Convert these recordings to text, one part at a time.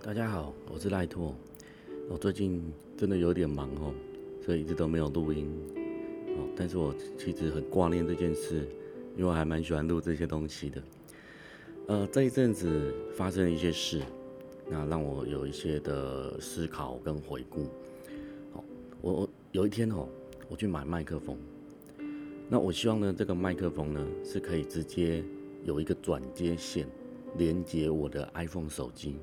大家好，我是賴拓。我最近真的有點忙哦，所以一直都沒有錄音哦。但是我其實很掛念這件事，因為我還蠻喜歡錄這些東西的。呃，這一陣子發生了一些事，那讓我有一些的思考跟回顧。好，我我有一天哦，我去買麥克風。那我希望呢，這個麥克風呢是可以直接有一個轉接線連接我的 iPhone 手機。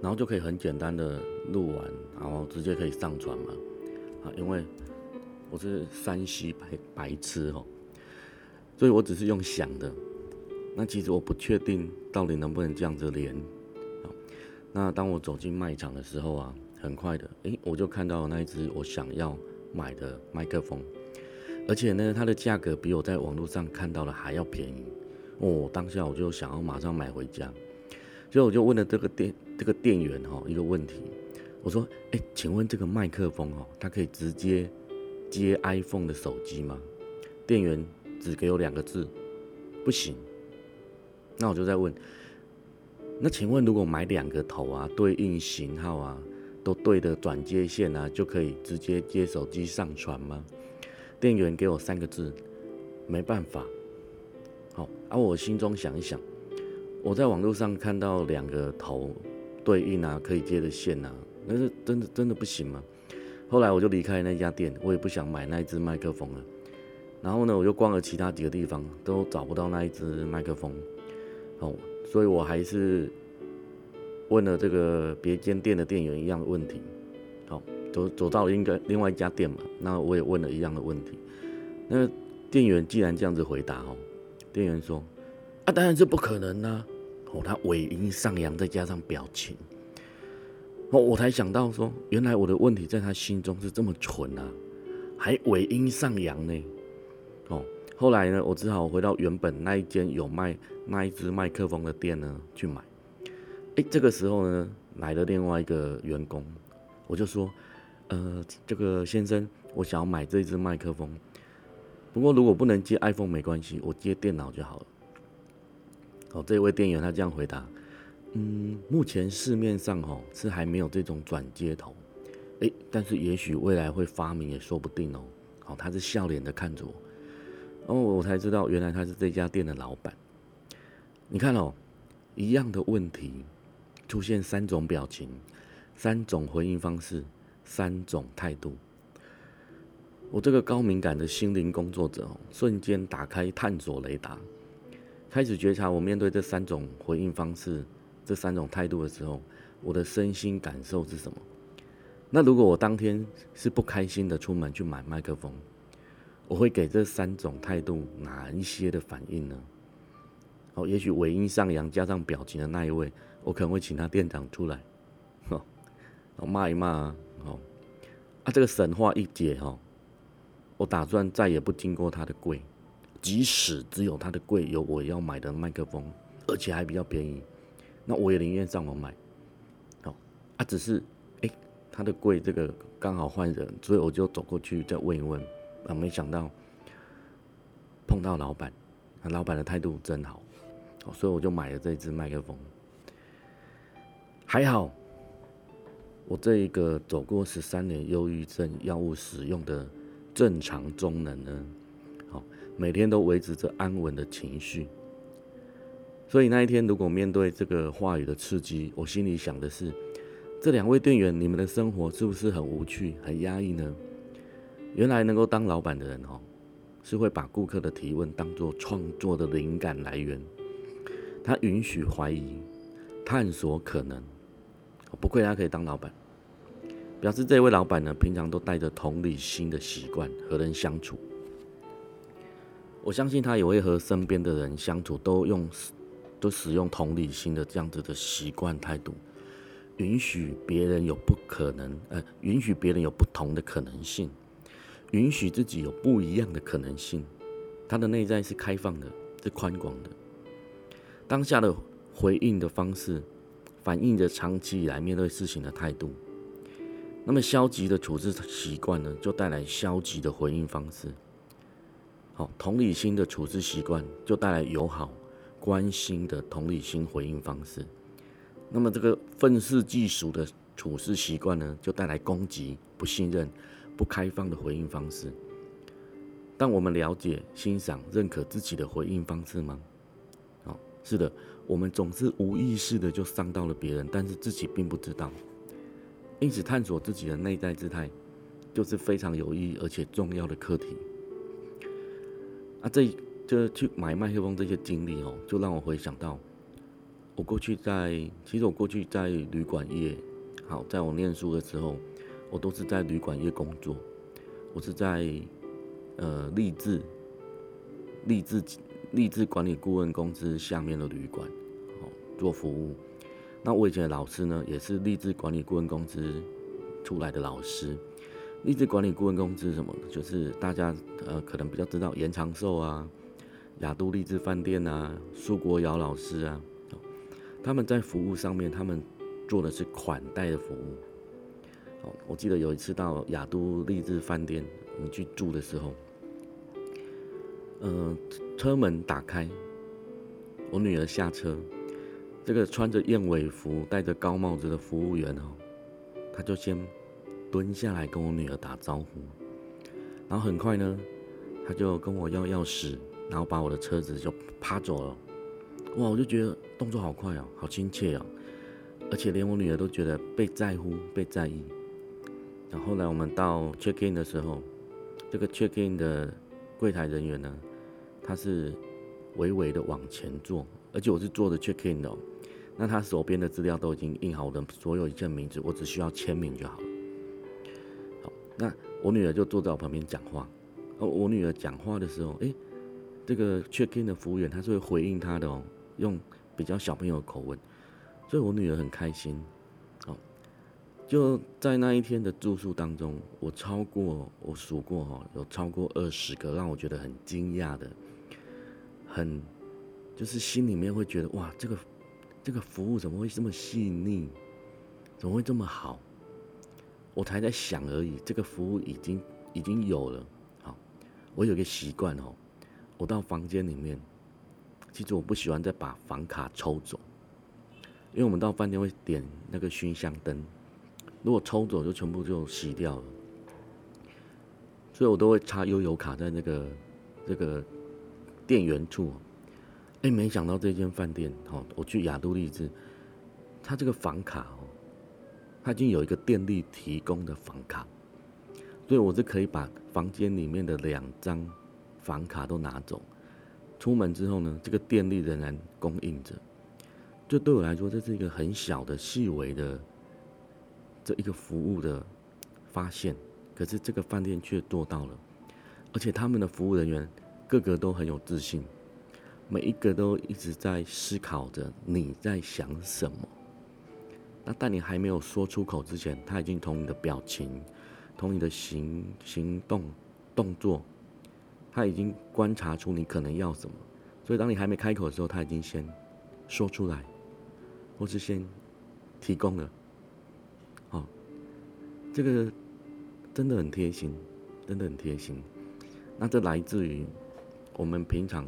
然後就可以很簡單的錄完，然後直接可以上傳嘛。啊，因為我是 3C 白白痴吼、哦，所以我只是用想的。那其實我不確定到底能不能這樣子連。那當我走進賣場的時候啊，很快的，哎，我就看到那一只我想要買的麥克風，而且呢，它的價格比我在網絡上看到的還要便宜。我、哦、當下我就想要馬上買回家。所以我就問了這個店這個店員哈一個問題，我說哎，請問這個麥克風哈，它可以直接接 iPhone 的手機嗎？店員只給我兩個字，不行。那我就再問，那請問如果買兩個頭啊，對應型號啊都對的轉接線啊，就可以直接接手機上傳嗎？店員給我三個字，沒辦法。好、哦，啊，我心中想一想。我在網絡上看到兩個頭對應啊，可以接的線啊，那是真的真的不行嗎、啊？後來我就離開那家店，我也不想買那隻麥克風了。然後呢，我又逛了其他幾個地方，都找不到那一隻麥克風。哦，所以我還是問了這個別間店的店員一樣的問題。好、哦，走走到了應該另外一家店嘛，那我也問了一樣的問題。那店員既然這樣子回答，哦，店員說。啊，當然是不可能啦，啊。哦，他尾音上揚，再加上表情，哦，我才想到說，原來我的問題在他心中是這麼蠢啊，還尾音上揚呢！哦，後來呢，我只好回到原本那一間有賣那一支麥克風的店呢去買。哎，這個時候呢，來了另外一個員工，我就說，呃，這個先生，我想要買這一支麥克風，不過如果不能接 iPhone 沒關係，我接電腦就好了。哦，這位店員他這樣回答：“嗯，目前市面上哦，是還沒有這種轉接頭，誒，但是也許未來會發明也說不定哦。”好，他是笑臉的看着我，哦，我才知道原來他是這家店的老闆。你看哦，一樣的問題，出現三種表情，三種回應方式，三種態度。我這個高敏感的心靈工作者哦，瞬間打開探索雷達。開始覺察，我面對這三種回應方式、這三種態度的時候，我的身心感受是什麼？那如果我當天是不開心的出門去買麥克風，我會給這三種態度哪一些的反應呢？哦，也許尾音上揚加上表情的那一位，我可能會請他店長出來，吼，我罵一罵、啊，哦，啊，這個神話一解，吼、哦，我打算再也不經過他的櫃。即使只有他的櫃有我要買的麥克風，而且還比較便宜，那我也寧願上網買。好，他、啊、只是誒，他、欸、的櫃這個剛好換人，所以我就走過去再問一問啊，沒想到碰到老板，那、啊、老板的態度真好，好，所以我就買了這支麥克風。還好，我這一個走過十三年憂鬱症藥物使用的正常中能呢。每天都維持着安穩的情緒，所以那一天如果面對這個話語的刺激，我心裡想的是：這兩位店員，你們的生活是不是很無趣、很壓抑呢？原來能夠當老板的人哦，是會把顧客的提問當作創作的靈感來源。他允許懷疑，探索可能。不愧他可以當老板，表示這位老板呢，平常都帶着同理心的習慣和人相處。我相信他也會和身邊的人相處，都用，都使用同理心的這樣子的習慣態度，允許別人有不可能呃，允許別人有不同的可能性，允許自己有不一樣的可能性。他的內在是開放的，是寬廣的。當下的回應的方式，反映着長期以來面對事情的態度。那麼消極的處置習慣呢，就帶來消極的回應方式。好，同理心的處事習慣就帶來友好、關心的同理心回應方式。那麼，這個憤世嫉俗的處事習慣呢，就帶來攻擊、不信任、不開放的回應方式。但我們了解、欣賞、認可自己的回應方式嗎？好，是的，我們總是無意識的就傷到了別人，但是自己並不知道。因此，探索自己的內在姿態，就是非常有意義而且重要的課題。那這就去買麥克風這些經歷哦，就讓我回想到我過去在，其實我過去在旅館業，好，在我念書的時候，我都是在旅館業工作，我是在呃勵志，勵志，勵志管理顧問公司下面的旅館，做服務。那我以前的老師呢，也是勵志管理顧問公司出來的老師。麗緻管理顧問公司是什麼？就是大家呃，可能比較知道嚴長壽啊、亞都麗緻飯店啊、蘇國垚老師啊、哦，他們在服務上面，他們做的是款待的服務，哦。我記得有一次到亞都麗緻飯店，我們去住的時候，嗯、呃，車門打開，我女兒下車，這個穿着燕尾服、戴着高帽子的服務員哦，他就先，蹲下來跟我女兒打招呼，然後很快呢，他就跟我要鑰匙，然後把我的車子就趴走了。哇！我就覺得動作好快哦，好親切哦，而且連我女兒都覺得被在乎、被在意。然後後來我們到 check in 的時候，這個 check in 的櫃台人員呢，他是微微的往前坐，而且我是坐着 check in 的哦，那他手邊的資料都已經印好我的所有一切名字，我只需要簽名就好了。那我女兒就坐在我旁邊講話，哦，我女兒講話的時候，誒，這個 check in 的服務員他是會回應他的哦，用比較小朋友的口吻，所以我女兒很開心。哦。就在那一天的住宿當中，我超過我數過哦，有超過二十個讓我覺得很驚訝的，很就是心裡面會覺得哇，這個這個服務怎麼會這麼細膩，怎麼會這麼好？我才在想而已，這個服務已經已經有了。好，我有個習慣哦，我到房間裡面，其實我不喜歡再把房卡抽走，因為我們到飯店會點那個熏香燈，如果抽走就全部就洗掉了，所以我都會插悠遊卡在那個這個電源處。哎，沒想到這間飯店哦，我去亞都麗致，他這個房卡。他已經有一個電力提供的房卡，所以我是可以把房間裡面的兩張房卡都拿走。出門之後呢，這個電力仍然供應着。這對我來說，這是一個很小的、細微的這一個服務的發現。可是這個飯店卻做到了，而且他們的服務人員個個都很有自信，每一個都一直在思考着你在想什麼。那在你還沒有說出口之前，他已經從你的表情、從你的行行動動作，他已經觀察出你可能要什麼。所以，當你還沒開口的時候，他已經先說出來，或是先提供了。好，哦，這個真的很貼心，真的很貼心。那這來自於我們平常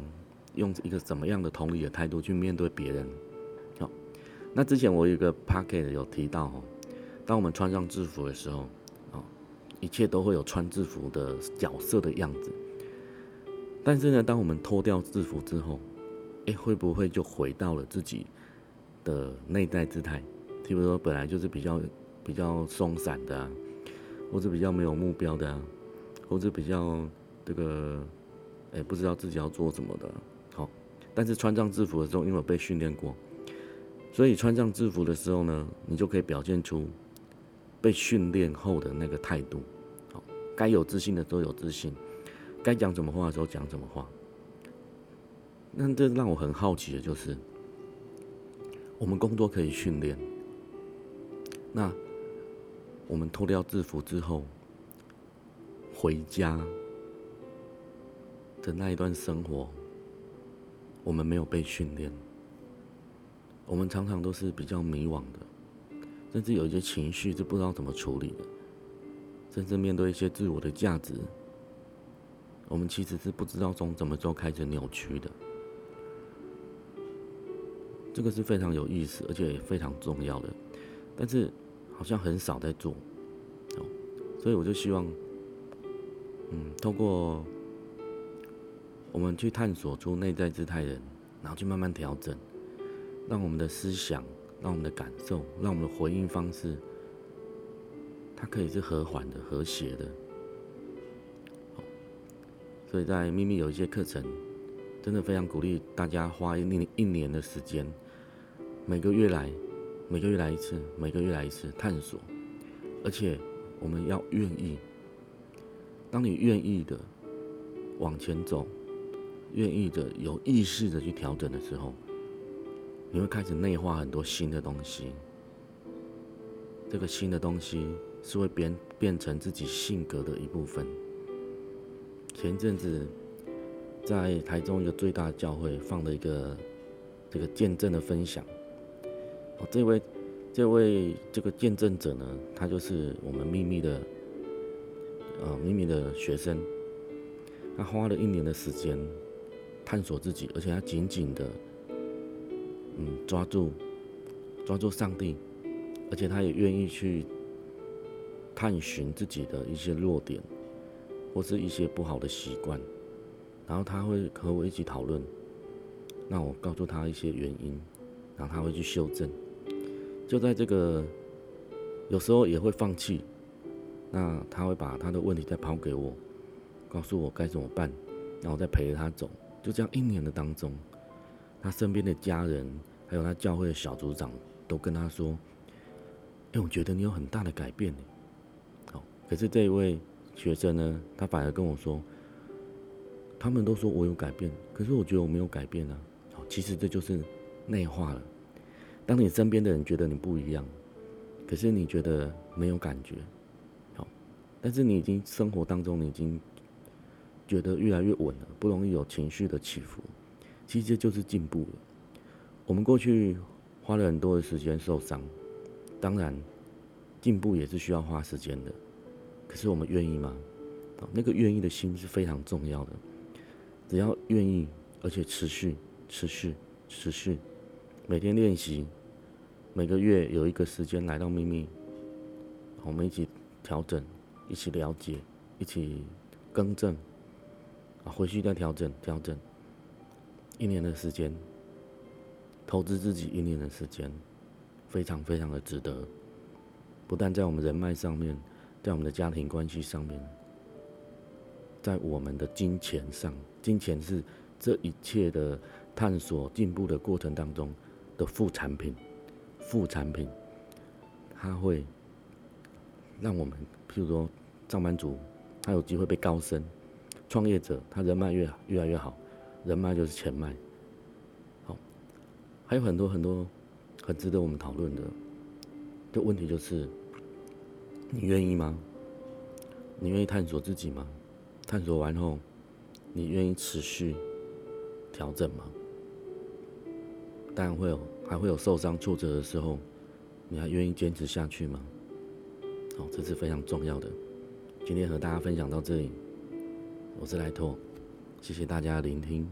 用一個怎麼樣的同理的態度去面對別人。那之前我有一個 pocket 有提到哦，當我們穿上制服的時候，哦，一切都會有穿制服的角色的樣子。但是呢，當我們脫掉制服之後，哎，會不會就回到了自己的內在姿態？譬如說，本來就是比較比較鬆散的啊，或者比較沒有目標的啊，或者比較這個，哎，不知道自己要做什麼的。好，但是穿上制服的時候，因為被訓練過。所以穿上制服的時候呢，你就可以表現出被訓練後的那個態度。好，該有自信的都有自信，該講什麼話的時候講什麼話。那這讓我很好奇的就是，我們工作可以訓練，那我們脫掉制服之後，回家的那一段生活，我們沒有被訓練。我們常常都是比較迷惘的，甚至有一些情緒是不知道怎麼處理的，甚至面對一些自我的價值，我們其實是不知道從什麼時候開始扭曲的。這個是非常有意思，而且也非常重要的，但是好像很少在做。哦，所以我就希望，嗯，透過我們去探索出內在姿態人，然後去慢慢調整。讓我們的思想，讓我們的感受，讓我們的回應方式，它可以是和緩的、和諧的。所以在祕謐有一些課程，真的非常鼓勵大家花一一年的時間，每個月來，每個月來一次，每個月來一次探索。而且我們要願意，當你願意的往前走，願意的有意識的去調整的時候，你會開始內化很多新的東西，這個新的東西是會變變成自己性格的一部分。前陣子在台中一個最大的教會放了一個這個見證的分享，哦，這位這位這個見證者呢，他就是我們祕謐的呃祕謐的學生，他花了一年的時間探索自己，而且他緊緊的。嗯，抓住，抓住上帝，而且他也願意去探尋自己的一些弱點，或是一些不好的習慣，然後他會和我一起討論，那我告訴他一些原因，然後他會去修正。就在這個有時候也會放棄，那他會把他的問題再拋給我，告訴我該怎麼辦，然後再陪着他走。就這樣一年的當中，他身邊的家人。還有他教會的小組長都跟他說：“哎、欸，我覺得你有很大的改變呢。”哦，可是這一位學生呢，他反而跟我說：“他們都說我有改變，可是我覺得我沒有改變啊。”哦，其實這就是內化了。當你身邊的人覺得你不一樣，可是你覺得沒有感覺，好、哦，但是你已經生活當中，你已經覺得越來越穩了，不容易有情緒的起伏，其實這就是進步了。我們過去花了很多的時間受傷，當然進步也是需要花時間的，可是我們願意嗎？那個願意的心是非常重要的。只要願意，而且持續、持續、持續，每天練習，每個月有一個時間來到祕謐，我們一起調整、一起了解、一起更正，啊，回去再調整、調整，一年的時間。投資自己一年的時間，非常非常的值得。不但在我們人脈上面，在我們的家庭關係上面，在我們的金錢上，金錢是這一切的探索進步的過程當中的副產品。副產品，它會讓我們，譬如說，上班族他有機會被高升，創業者他人脈越越來越好，人脈就是錢脈。還有很多很多很值得我們討論的，的問題就是，你願意嗎？你願意探索自己嗎？探索完後，你願意持續調整嗎？當然會有，還會有受傷挫折的時候，你還願意堅持下去嗎？好、哦，這是非常重要的。今天和大家分享到這裡，我是萊托，謝謝大家的聆聽。